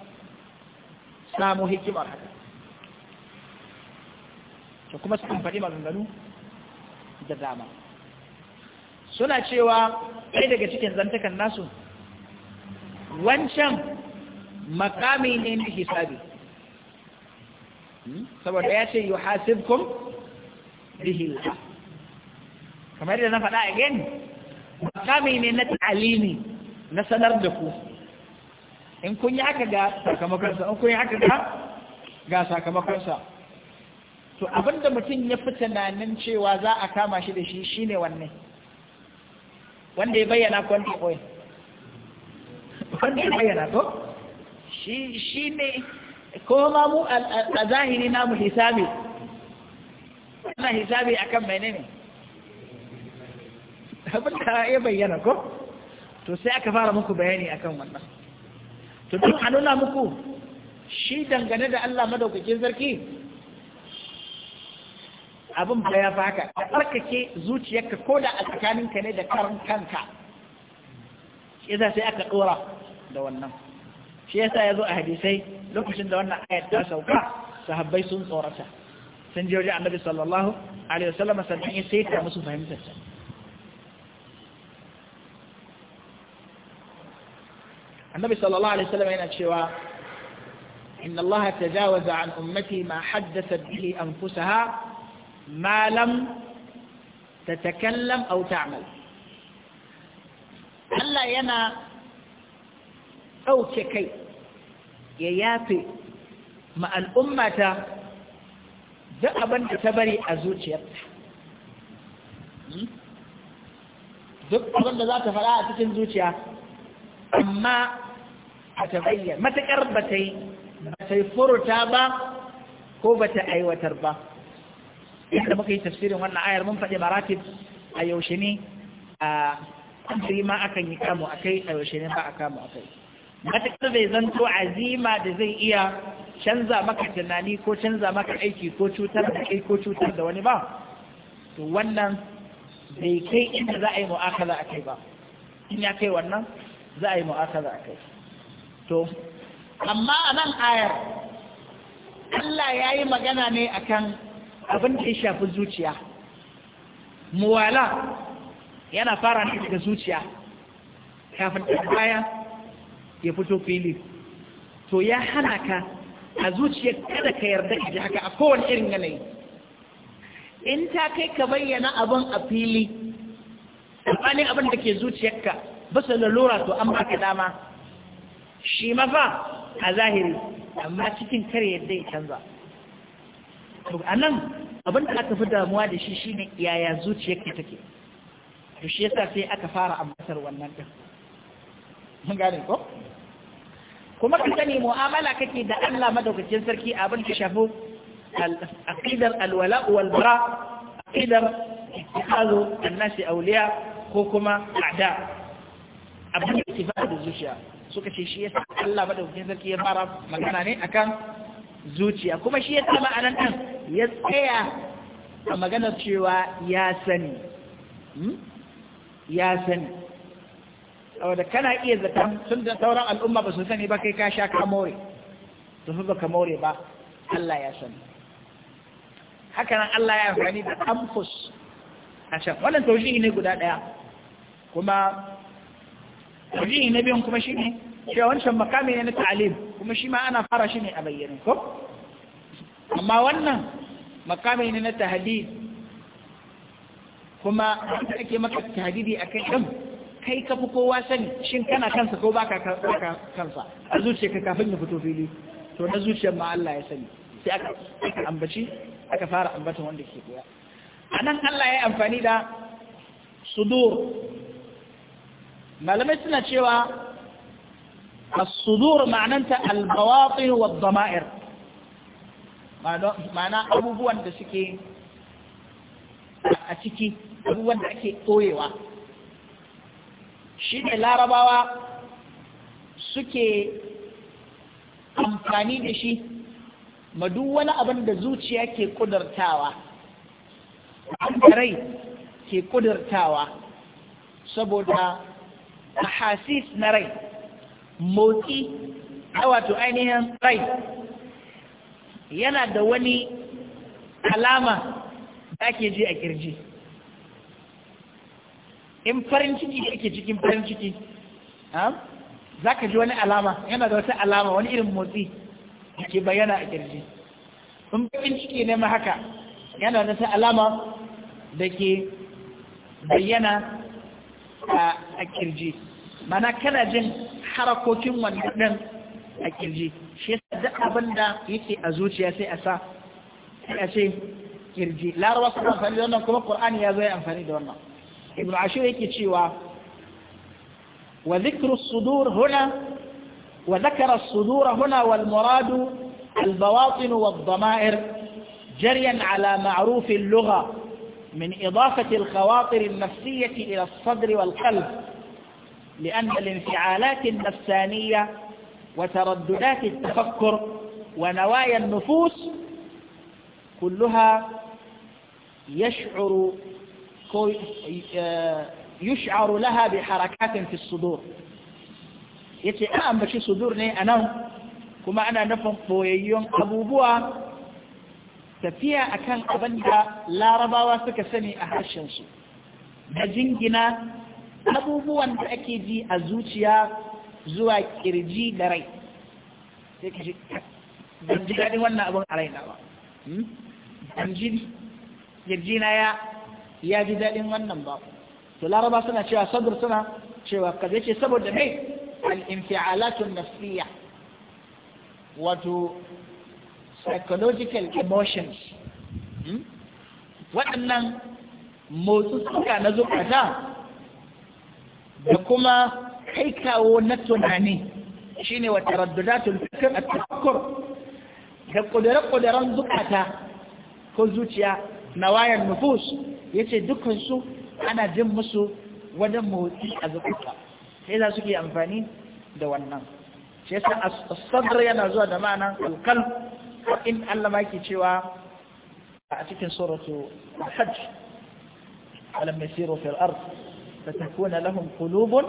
samu hikimar haka to kuma sun faɗi maganganu da dama suna cewa ɗaya daga cikin zantakan nasu wancan makami ne na hisabi hmm? saboda ya ce yi hasibkum bihila kamar yadda na faɗa again makami ne na ta'alimi na sanar da ku in kun yi aka ga sakamakonsa in kun yi aka ga ga sakamakonsa to abinda mutum ya fi tunanin cewa za a kama shi da shi shi ne wanne wanda ya bayyana kwanta wanda wanda ya bayyana ko shi ne, ko ma mu a zahiri namu hisabi ana hisabi akan menene abinda ya bayyana ko to sai aka fara muku bayani akan wannan to don a nuna muku shi dangane da Allah madaukakin sarki abin ba ya baka a tsarkake zuciyarka ko da a tsakaninka ne da karan kanka idan sai aka dora da wannan shi yasa ya zo a hadisai lokacin da wannan ayat ta sauka sahabbai sun tsorata sun je wajen annabi sallallahu alaihi wasallam sannan ya saita musu fahimtar النبي صلى الله عليه وسلم هنا ينشوى إن الله تجاوز عن أمتي ما حدثت به أنفسها ما لم تتكلم أو تعمل هل ينا أو تكي ييافي مع الأمة ذأبا تبري أزوج يبتح ذأبا ذات فلاة تنزوج يبتح amma a tabayyar matakar ba ta yi furuta ba ko ba ta aiwatar ba yadda muka yi tafsirin wannan ayar mun faɗi maratib a yaushe ne a kwanci ma akan yi kamo a kai a yaushe ne ba a kamo a kai matuƙar bai zanto azima da zai iya canza maka tunani ko canza maka aiki ko cutar da kai ko cutar da wani ba to wannan bai kai inda za a yi mu'akala a kai ba in ya kai wannan za a yi mu'akaza a kai to amma a nan ayar Allah ya yi magana ne akan abin da ya shafi zuciya muwala yana fara ne daga zuciya kafin baya ya fito fili to ya hana ka a zuciyar kada ka yarda ka ji haka a kowane irin yanayi in ta kai ka bayyana abin a fili tsakanin abin da ke zuciyarka bisa lalura to an maka dama shi mafa a zahiri amma cikin kare yadda ya canza a nan abinda aka fi damuwa da shi shi ne yaya zuciyar ka take to shi yasa sai aka fara ambatar wannan ɗin mun gane ko kuma ka sani mu'amala kake da Allah madaukakin sarki abin da shafi aqidar alwala wal bara aqidar ittihadu annasi awliya ko kuma a'da abin da ke fara da zuciya suka ce shi ya sa Allah madaukakin sarki ya fara magana ne a kan zuciya kuma shi sa ma'anan ɗan ya tsaya a maganar cewa ya sani hmm? ya sani saboda kana iya zaton tun da sauran al'umma ba su sani ba kai ka sha ka more to ba ka more ba Allah ya sani haka nan Allah ya amfani da amfus a can wannan tauhidi ne guda ɗaya kuma wajihi na biyun kuma shi ne cewa wancan makami ne na ta'alim kuma shi ma ana fara shi ne a bayyane ko amma wannan makami ne na tahadi kuma wanda ake maka a kai ɗan, kai ka fi kowa sani shin kana kansa ko ba ka kansa a zuciya ka kafin ya fito fili to na zuciyar ma Allah ya sani sai aka ambaci aka fara ambatan wanda ke koya anan Allah ya amfani da sudur malamai suna cewa asudur ma'ananta al wa dama'ir ma'ana abubuwan da suke a ciki abubuwan da ake toyewa shi ne larabawa suke amfani da shi ma duk wani abin da zuciya ke kudurtawa rai ke kudurtawa saboda Mahasis na rai motsi a wato ainihin rai yana da wani alama da ake ji a kirji in farin ciki da ake cikin farin ciki za ka ji wani alama yana da wata alama wani irin motsi da ke bayyana a kirji in farin ciki ne ma haka yana da wata alama da ke bayyana a kirji mana kana jin harakokin wannan a kirji shi yasa duk abin da yake a zuciya sai a sa sai a ce kirji larabawa sun amfani da wannan kuma qur'ani ya zo ya amfani da wannan ibnu ashur yake cewa wa dhikru sudur huna wa dhakara sudur huna wal muradu al bawatin wad dhamair jariyan ala ma'ruf al lugha من إضافة الخواطر النفسية إلى الصدر والقلب لأن الانفعالات النفسانية وترددات التفكر ونوايا النفوس كلها يشعر آه، يشعر لها بحركات في الصدور yace بشي ambaci sudur ne كما أنا نفهم nufin أبو abubuwa tafiya akan abin da larabawa suka sani a harshensu da jingina abubuwan da ake ji a zuciya zuwa kirji da rai sai ka ji ban ji daɗin wannan abin a raina ba hmm? ban ji kirjina ya ya ji daɗin wannan ba to laraba suna cewa sadr suna cewa kaza ce saboda mai al-infi'alatun nafsiyya wato psychological emotions hmm? waɗannan suka na zukata da kuma kai kawo na tunani shine wa taraddudatul fikr a tafakkur da ƙudurar-ƙudurar zukata ko zuciya na wayar nufus ya ce dukansu ana jin musu wajen motsi a zukata sai za su ke amfani da wannan shi yasa a yana zuwa da ma'anan al in Allah ma ke cewa a cikin suratu al-hajj alam yasiru fil ard fatakuna lahum qulubun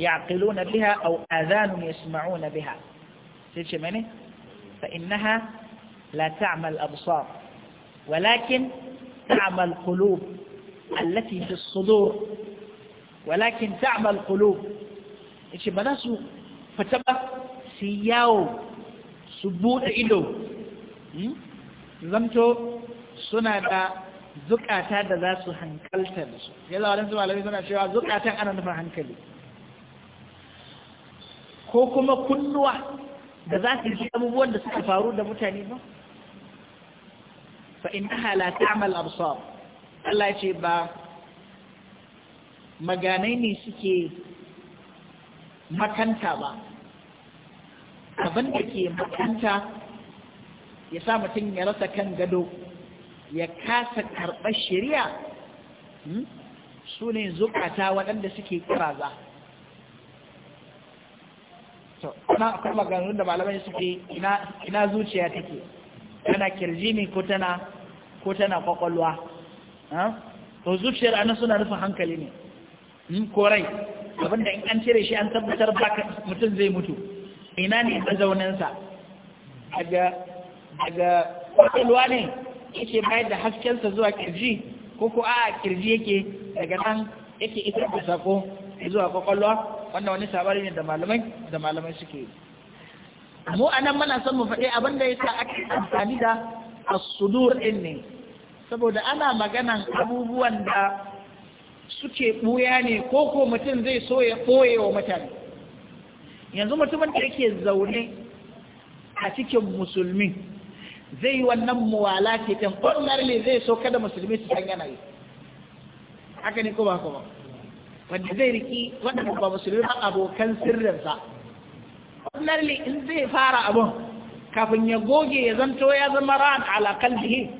ya'qiluna biha aw adhanun yasma'una biha sai ce mene fa innaha la ta'mal absar walakin ta'mal qulub allati fi as-sudur walakin ta'mal qulub yace ba za su fata ba su yawo su buɗe ido Hmm? zamto suna da zukata da za su hankalta da su ya zaune su malami suna cewa zukatan ana nufin hankali ko kuma kunnuwa da za su ji abubuwan da suka faru da mutane ba fa’in innaha la amal absar Allah ce ba maganai ne suke makanta ba abin da ke makanta ya sa mutum ya rasa kan gado ya kasa karɓar shari'a hmm? su ne zukata waɗanda suke ƙiraza. to ana akwai maganin da malamai suke ina zuciya take tana kirji ne ko tana ko tana kwakwalwa to zuciyar ana suna nufin hankali ne hmm? Korai, abinda in an cire shi an tabbatar baka mutum zai mutu ina ne mazauninsa daga daga kwakwalwa ne yake bayar da haskensa zuwa kirji ko ko a kirji yake daga nan yake isar da sako zuwa kwakwalwa wannan wani sabari ne da malamai da malamai suke mu a nan muna son mu faɗi abin da ya yasa ake amfani da asudur ɗin ne saboda ana maganan abubuwan da suke ɓuya ne ko ko mutum zai so ya ɓoye wa mutane yanzu mutumin da yake zaune a cikin musulmi zai yi wannan muwala ke ɗin ne zai so kada musulmi su san yanayi. haka ne kuma kuma wanda zai riki wanda ba musulmi ba abokan sirrinsa ne in zai fara abun kafin ya goge ya zanto ya zama ra'an alaƙal jihi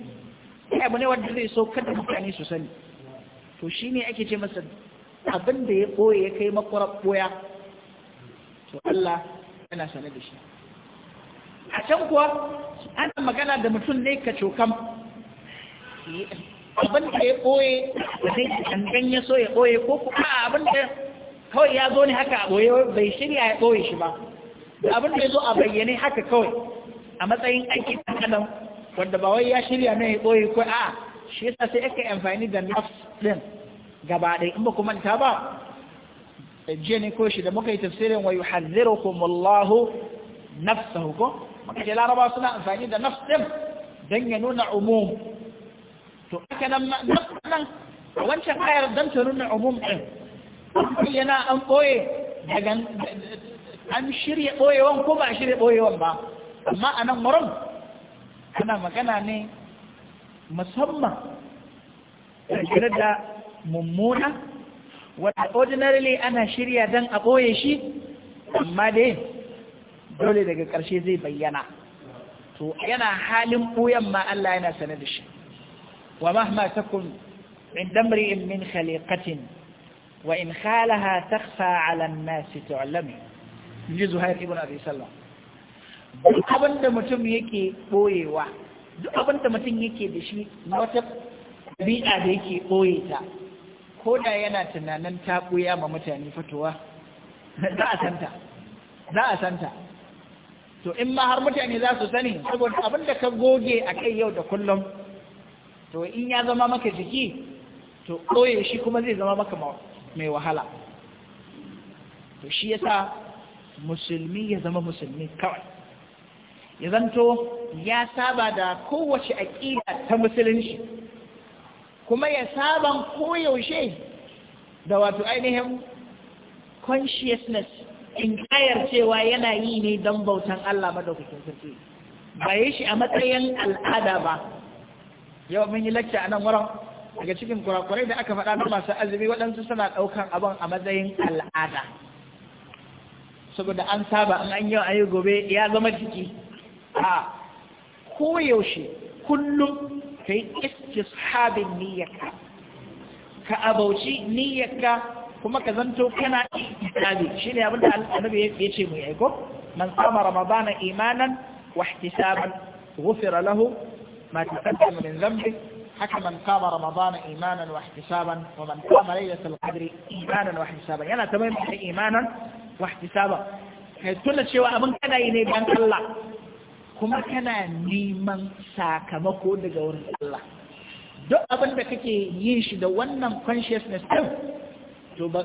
ya abu ne wanda zai so kada mutane su sani to shi ne ake ce masa abin da ya ɓoye ya kai makwarar ɓoya to Allah yana sane da shi a can kuwa ana magana da mutum ne ka cokan abin da ya ɓoye da zai kankan ya so ya ɓoye ko kuma abin da kawai ya zo ne haka a ɓoye bai shirya ya ɓoye shi ba abin da ya zo a bayyane haka kawai a matsayin aiki ɗan adam wanda ba wai ya shirya ne ya ɓoye ko a shi yasa sai aka yi amfani da nafs ɗin gaba ɗaya in ba kuma ta ba jiya ne ko shi da muka yi tafsirin wa yuhadhdhirukum Allahu nafsahu ko maka ce laraba suna amfani da nafs din don ya nuna umum to aka nan a wancan ayar don ta nuna umum din yana an ɓoye daga an shirya ɓoyewan ko ba a shirya ɓoyewan ba amma a nan wurin ana magana ne musamman ƙirƙirar da mummuna wadda ordinarily ana shirya don a ɓoye shi amma dai dole daga ƙarshe zai bayyana to yana halin buyan ma Allah yana sane da shi wa mahma takun in damri'in min khaliqatin wa in khalaha takhfa 'ala an-nas tu'lamu ji Zuhair ibn Abi Sallam duk abinda mutum yake boyewa duk abinda mutum yake da shi wata ɗabi'a da yake boye ta ko yana tunanin ta buya ma mutane fitowa za a santa za a santa to in ma har mutane za su sani saboda abin da ka goge a kai yau da kullum to in ya zama maka jiki to ɓoye shi kuma zai zama maka mai wahala to shi yasa musulmi ya zama musulmi kawai ya zanto ya saba da kowace aƙida ta musulunci kuma ya saban koyaushe da wato ainihin consciousness inkayar cewa yana yi ne don bautan Allah madaukakin sarki ba yi shi a matsayin al'ada ba yau mun yi lacca a nan wurin daga cikin kurakurai da aka faɗa na masu azumi waɗansu suna ɗaukan abin a matsayin al'ada saboda an saba an an yau ayi gobe ya zama jiki a koyaushe kullum ka yi istishabin niyyarka ka abauci niyyarka kuma ka zanto kana ihsani shine abin da annabi ya ce mu yi ko man sama ramadana imanan wa ihtisaban ghufira lahu ma taqaddama min dhanbi haka man kama ramadana imanan wa ihtisaban wa man kama laylatul qadri imanan wa ihtisaban yana tamam da imanan wa ihtisaban kai tunda cewa abin kana yi ne dan Allah kuma kana neman sakamako daga wurin Allah duk abin da kake yin shi da wannan consciousness din to ba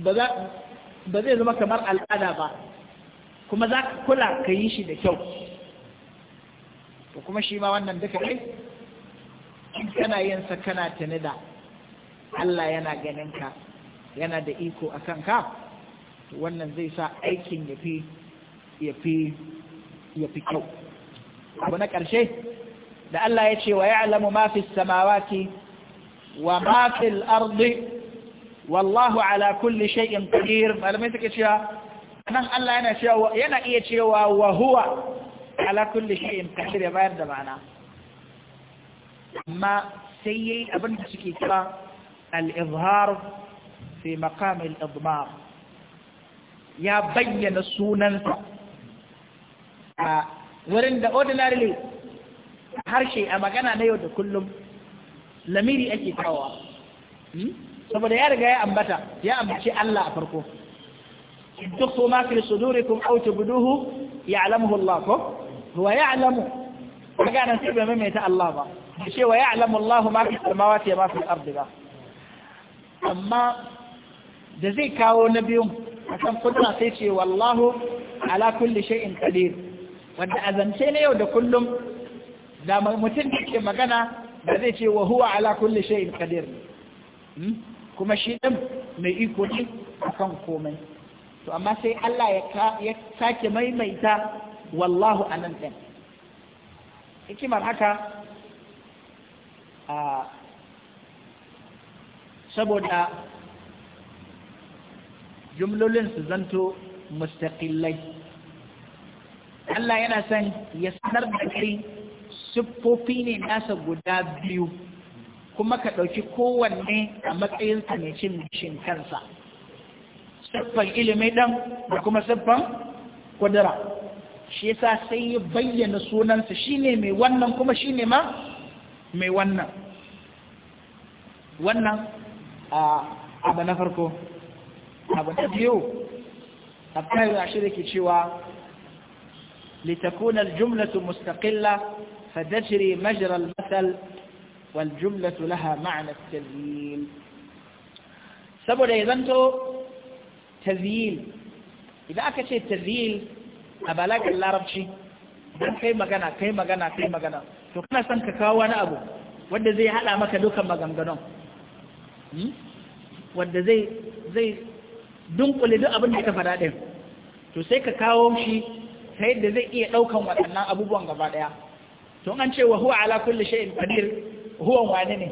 ba zai zama kamar al'ada ba kuma za ka kula ka yi shi da kyau to kuma shi ma wannan duka kai kana yin sakana kana tuni da Allah yana ganin ka yana da iko a kanka wannan zai sa aikin ya fi ya fi kyau abu na ƙarshe da Allah ya ce wa ya alamu mafi samawati wa ma fil ardi wallahu ala kulli shay'in qadir malamai suka cewa nan Allah yana cewa yana iya cewa wa huwa ala kulli shay'in qadir ya bayar da ma'ana amma sai yayi abin da suke kira al-izhar fi maqam al-idmar ya bayyana sunansa a wurin da ordinarily harshe a magana na yau da kullum lamiri ake kawo hmm? saboda ya riga ya ambata ya ambaci Allah a farko tukhu ma fi sudurikum aw tubduhu ya'lamuhu Allah ko huwa ya'lamu kaga nan sai Allah ba ce wa ya'lamu Allah ma fi samawati ma fi ardi ba amma da zai kawo na biyun akan kudura sai ce wallahu ala kulli shay'in qadir wanda azance ne yau da kullum da mutum da ke magana da zai ce wa huwa ala kulli shay'in qadir hmm? kuma shi ɗin mai iko ne a kan komai to amma sai Allah ya sake maimaita wallahu a nan ɗin hikimar haka a saboda jumlolin su zanto mustaqillai Allah yana son ya sanar da kai siffofi ne nasa guda biyu kuma ka ɗauki kowanne a matsayinsa mai cin shin kansa siffan ilimi ɗan da kuma siffan kudura shi yasa sai ya bayyana sunansa shine mai wannan kuma shine ma mai wannan wannan abu na farko abu na biyu a kayan ashirin ke cewa litakun aljumlatu mustaqilla fatajri majra al-masal والجملة لها saboda التذييل سبب يزنتو idan aka ce التذييل a اللارب larabci, don kai magana kai magana kai magana to kana son ka kawo wani abu wanda zai hada maka dukan maganganun wanda zai zai dunkule duk abin da ka faɗa ɗin to sai ka kawo shi ta da zai iya ɗaukan waɗannan abubuwan gaba ɗaya to an ce wa huwa ala kulli shay'in qadir huwan wane ne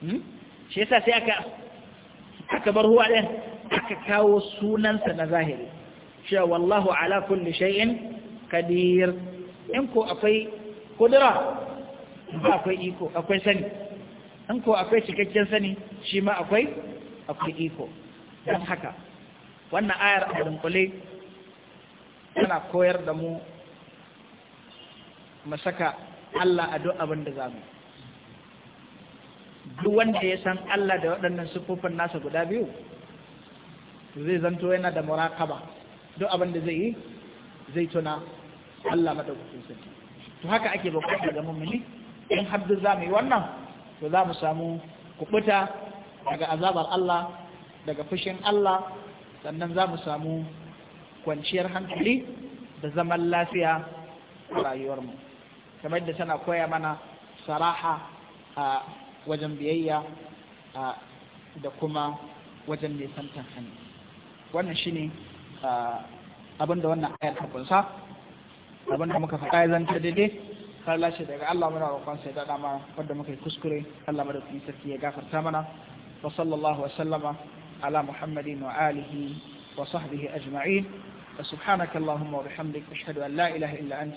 hmm? shi yasa sai aka aka bar huwa ɗin aka kawo sunansa na zahiri cewa wallahu ala kulli shay'in kadir in ko akwai kudura ba akwai iko akwai sani in ko akwai cikakken sani shi ma akwai akwai iko don haka wannan ayar a dunkule tana koyar da mu masaka Allah a duk abin da zamu duk wanda ya san Allah da waɗannan siffofin nasa guda biyu zai zanto yana da muraqaba duk abin da zai yi zai tuna Allah madaukakin sarki to haka ake bukata ga mu'mini in har duk zamu yi wannan to za mu samu kubuta daga azabar Allah daga fushin Allah sannan za mu samu kwanciyar hankali da zaman lafiya a rayuwarmu. kamar da tana koya mana saraha a wajen biyayya da kuma wajen nisantan hannu wannan shine abin da wannan ayar kunsa abin da muka faɗa ya zanta daidai har lashe daga Allah muna roƙon sai da dama wanda muka yi kuskure Allah madaukakin sarki ya gafarta mana wa sallallahu wa sallama ala muhammadin wa alihi wa sahbihi ajma'in subhanaka allahumma wa bihamdik ashhadu an la ilaha illa anta